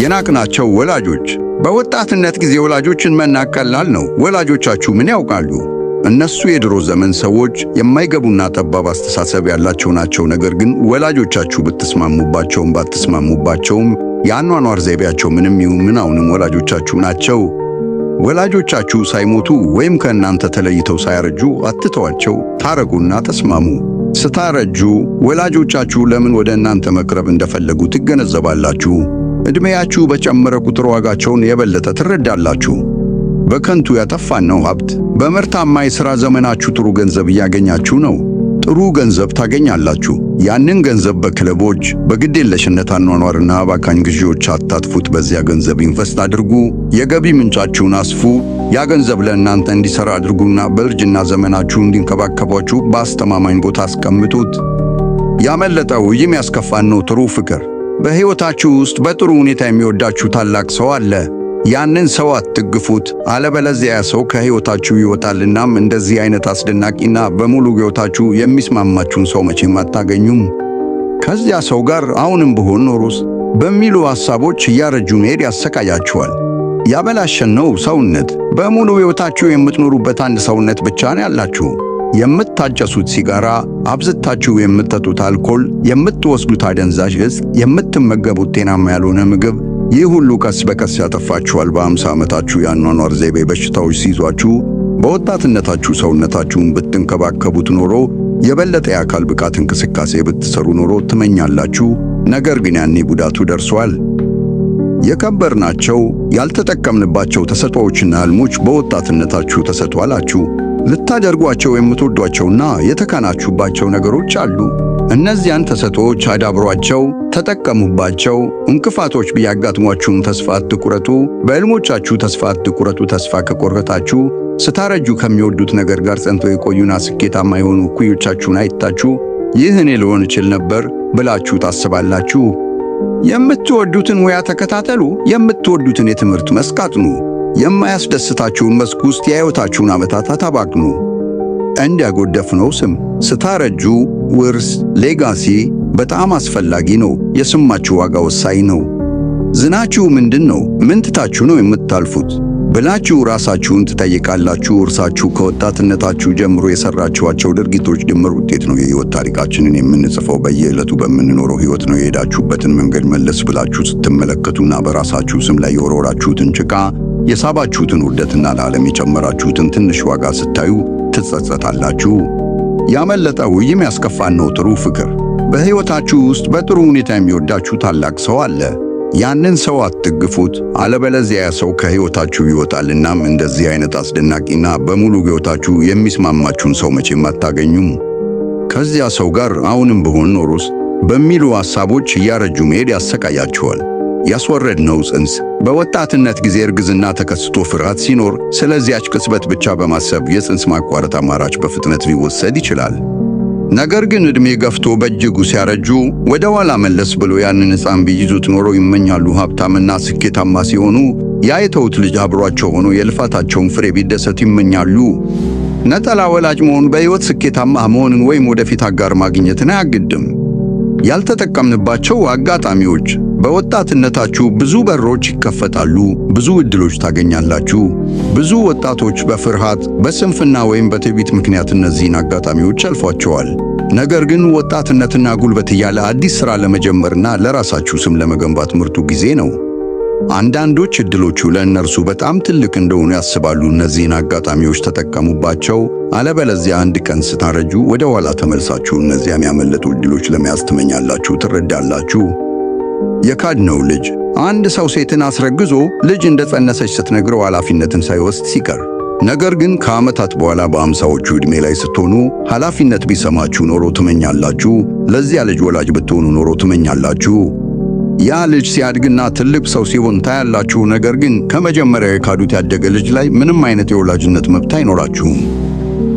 የናቅናቸው ወላጆች። በወጣትነት ጊዜ ወላጆችን መናቅ ቀላል ነው። ወላጆቻችሁ ምን ያውቃሉ? እነሱ የድሮ ዘመን ሰዎች የማይገቡና ጠባብ አስተሳሰብ ያላቸው ናቸው። ነገር ግን ወላጆቻችሁ ብትስማሙባቸውም ባትስማሙባቸውም የአኗኗር ዘይቤያቸው ምንም ይሁን ምን አሁንም ወላጆቻችሁ ናቸው። ወላጆቻችሁ ሳይሞቱ ወይም ከእናንተ ተለይተው ሳያረጁ አትተዋቸው። ታረጉና ተስማሙ። ስታረጁ ወላጆቻችሁ ለምን ወደ እናንተ መቅረብ እንደፈለጉ ትገነዘባላችሁ። ዕድሜያችሁ በጨመረ ቁጥር ዋጋቸውን የበለጠ ትረዳላችሁ። በከንቱ ያጠፋነው ሀብት በምርታማ የሥራ ዘመናችሁ ጥሩ ገንዘብ እያገኛችሁ ነው። ጥሩ ገንዘብ ታገኛላችሁ። ያንን ገንዘብ በክለቦች፣ በግዴለሽነት አኗኗርና አባካኝ ግዢዎች አታጥፉት። በዚያ ገንዘብ ኢንቨስት አድርጉ። የገቢ ምንጫችሁን አስፉ። ያ ገንዘብ ለእናንተ እንዲሠራ አድርጉና በእርጅና ዘመናችሁ እንዲንከባከቧችሁ በአስተማማኝ ቦታ አስቀምጡት። ያመለጠው የሚያስከፋን ነው። ጥሩ ፍቅር በሕይወታችሁ ውስጥ በጥሩ ሁኔታ የሚወዳችሁ ታላቅ ሰው አለ። ያንን ሰው አትግፉት፣ አለበለዚያ ሰው ከሕይወታችሁ ይወጣልናም እንደዚህ አይነት አስደናቂና በሙሉ ሕይወታችሁ የሚስማማችሁን ሰው መቼም አታገኙም። ከዚያ ሰው ጋር አሁንም ብሆን ኖሮስ በሚሉ ሐሳቦች እያረጁ መሄድ ያሰቃያችኋል። ያበላሸን ነው ሰውነት። በሙሉ ሕይወታችሁ የምትኖሩበት አንድ ሰውነት ብቻ ነው ያላችሁ። የምታጨሱት ሲጋራ፣ አብዝታችሁ የምትጠጡት አልኮል፣ የምትወስዱት አደንዛዥ እጽ፣ የምትመገቡት ጤናማ ያልሆነ ምግብ ይህ ሁሉ ቀስ በቀስ ያጠፋችኋል። በአምሳ ዓመታችሁ የአኗኗር ዘይቤ በሽታዎች ሲይዟችሁ፣ በወጣትነታችሁ ሰውነታችሁን ብትንከባከቡት ኖሮ የበለጠ የአካል ብቃት እንቅስቃሴ ብትሰሩ ኖሮ ትመኛላችሁ። ነገር ግን ያኔ ጉዳቱ ደርሷል። የከበርናቸው ያልተጠቀምንባቸው ተሰጥኦዎችና ህልሞች በወጣትነታችሁ አላችሁ። ልታደርጓቸው የምትወዷቸውና የተካናችሁባቸው ነገሮች አሉ። እነዚያን ተሰጦዎች አዳብሯቸው፣ ተጠቀሙባቸው። እንቅፋቶች ቢያጋጥሟችሁም ተስፋ አትቁረጡ። በሕልሞቻችሁ ተስፋ አትቁረጡ። ተስፋ ከቆረጣችሁ ስታረጁ ከሚወዱት ነገር ጋር ጸንቶ የቆዩና ስኬታማ የሆኑ እኩዮቻችሁን አይታችሁ ይህ እኔ ልሆን እችል ነበር ብላችሁ ታስባላችሁ። የምትወዱትን ሙያ ተከታተሉ። የምትወዱትን የትምህርት መስክ አጥኑ። የማያስደስታችሁን መስክ ውስጥ የሕይወታችሁን ዓመታት አታባክኑ። እንዲያጎደፍነው ስም ስታረጁ ውርስ ሌጋሲ በጣም አስፈላጊ ነው። የስማችሁ ዋጋ ወሳኝ ነው። ዝናችሁ ምንድን ነው? ምን ትታችሁ ነው የምታልፉት ብላችሁ ራሳችሁን ትጠይቃላችሁ። እርሳችሁ ከወጣትነታችሁ ጀምሮ የሰራችኋቸው ድርጊቶች ድምር ውጤት ነው። የህይወት ታሪካችንን የምንጽፈው በየዕለቱ በምንኖረው ህይወት ነው። የሄዳችሁበትን መንገድ መለስ ብላችሁ ስትመለከቱና በራሳችሁ ስም ላይ የወረወራችሁትን ጭቃ የሳባችሁትን ውርደትና ለዓለም የጨመራችሁትን ትንሽ ዋጋ ስታዩ ትጸጸታላችሁ። ያመለጠው የሚያስከፋን ነው ጥሩ ፍቅር። በሕይወታችሁ ውስጥ በጥሩ ሁኔታ የሚወዳችሁ ታላቅ ሰው አለ። ያንን ሰው አትግፉት፣ አለበለዚያ ያ ሰው ከሕይወታችሁ ይወጣል። እናም እንደዚህ አይነት አስደናቂና በሙሉ ሕይወታችሁ የሚስማማችሁን ሰው መቼም አታገኙም። ከዚያ ሰው ጋር አሁንም ብሆን ኖሮስ በሚሉ ሐሳቦች እያረጁ መሄድ ያሰቃያችኋል። ያስወረድነው ጽንስ በወጣትነት ጊዜ እርግዝና ተከስቶ ፍርሃት ሲኖር ስለዚያች ቅጽበት ብቻ በማሰብ የጽንስ ማቋረጥ አማራጭ በፍጥነት ሊወሰድ ይችላል። ነገር ግን ዕድሜ ገፍቶ በእጅጉ ሲያረጁ ወደ ኋላ መለስ ብሎ ያንን ሕፃን ቢይዙት ኖሮ ይመኛሉ። ሀብታምና ስኬታማ ሲሆኑ የአይተውት ልጅ አብሯቸው ሆኖ የልፋታቸውን ፍሬ ቢደሰት ይመኛሉ። ነጠላ ወላጅ መሆኑ በሕይወት ስኬታማ መሆንን ወይም ወደፊት አጋር ማግኘትን አያግድም። ያልተጠቀምንባቸው አጋጣሚዎች። በወጣትነታችሁ ብዙ በሮች ይከፈታሉ፣ ብዙ እድሎች ታገኛላችሁ። ብዙ ወጣቶች በፍርሃት በስንፍና ወይም በትዕቢት ምክንያት እነዚህን አጋጣሚዎች አልፏቸዋል። ነገር ግን ወጣትነትና ጉልበት እያለ አዲስ ሥራ ለመጀመርና ለራሳችሁ ስም ለመገንባት ምርቱ ጊዜ ነው። አንዳንዶች እድሎቹ ለእነርሱ በጣም ትልቅ እንደሆኑ ያስባሉ። እነዚህን አጋጣሚዎች ተጠቀሙባቸው። አለበለዚያ አንድ ቀን ስታረጁ ወደ ኋላ ተመልሳችሁ እነዚያ ያመለጡ እድሎች ለመያዝ ትመኛላችሁ። ትረዳላችሁ። የካድነው ልጅ አንድ ሰው ሴትን አስረግዞ ልጅ ጸነሰች ስትነግረው ኃላፊነትን ሳይወስድ ሲቀር ነገር ግን ከዓመታት በኋላ በአምሳዎቹ ዕድሜ ላይ ስትሆኑ ኃላፊነት ቢሰማችሁ ኖሮ ትመኛላችሁ። ለዚያ ልጅ ወላጅ ብትሆኑ ኖሮ ትመኛላችሁ። ያ ልጅ ሲያድግና ትልቅ ሰው ሲሆን ታያላችሁ። ነገር ግን ከመጀመሪያው የካዱት ያደገ ልጅ ላይ ምንም አይነት የወላጅነት መብት አይኖራችሁም።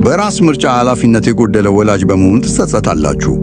በራስ ምርጫ ኃላፊነት የጎደለ ወላጅ በመሆን ትጸጸታላችሁ።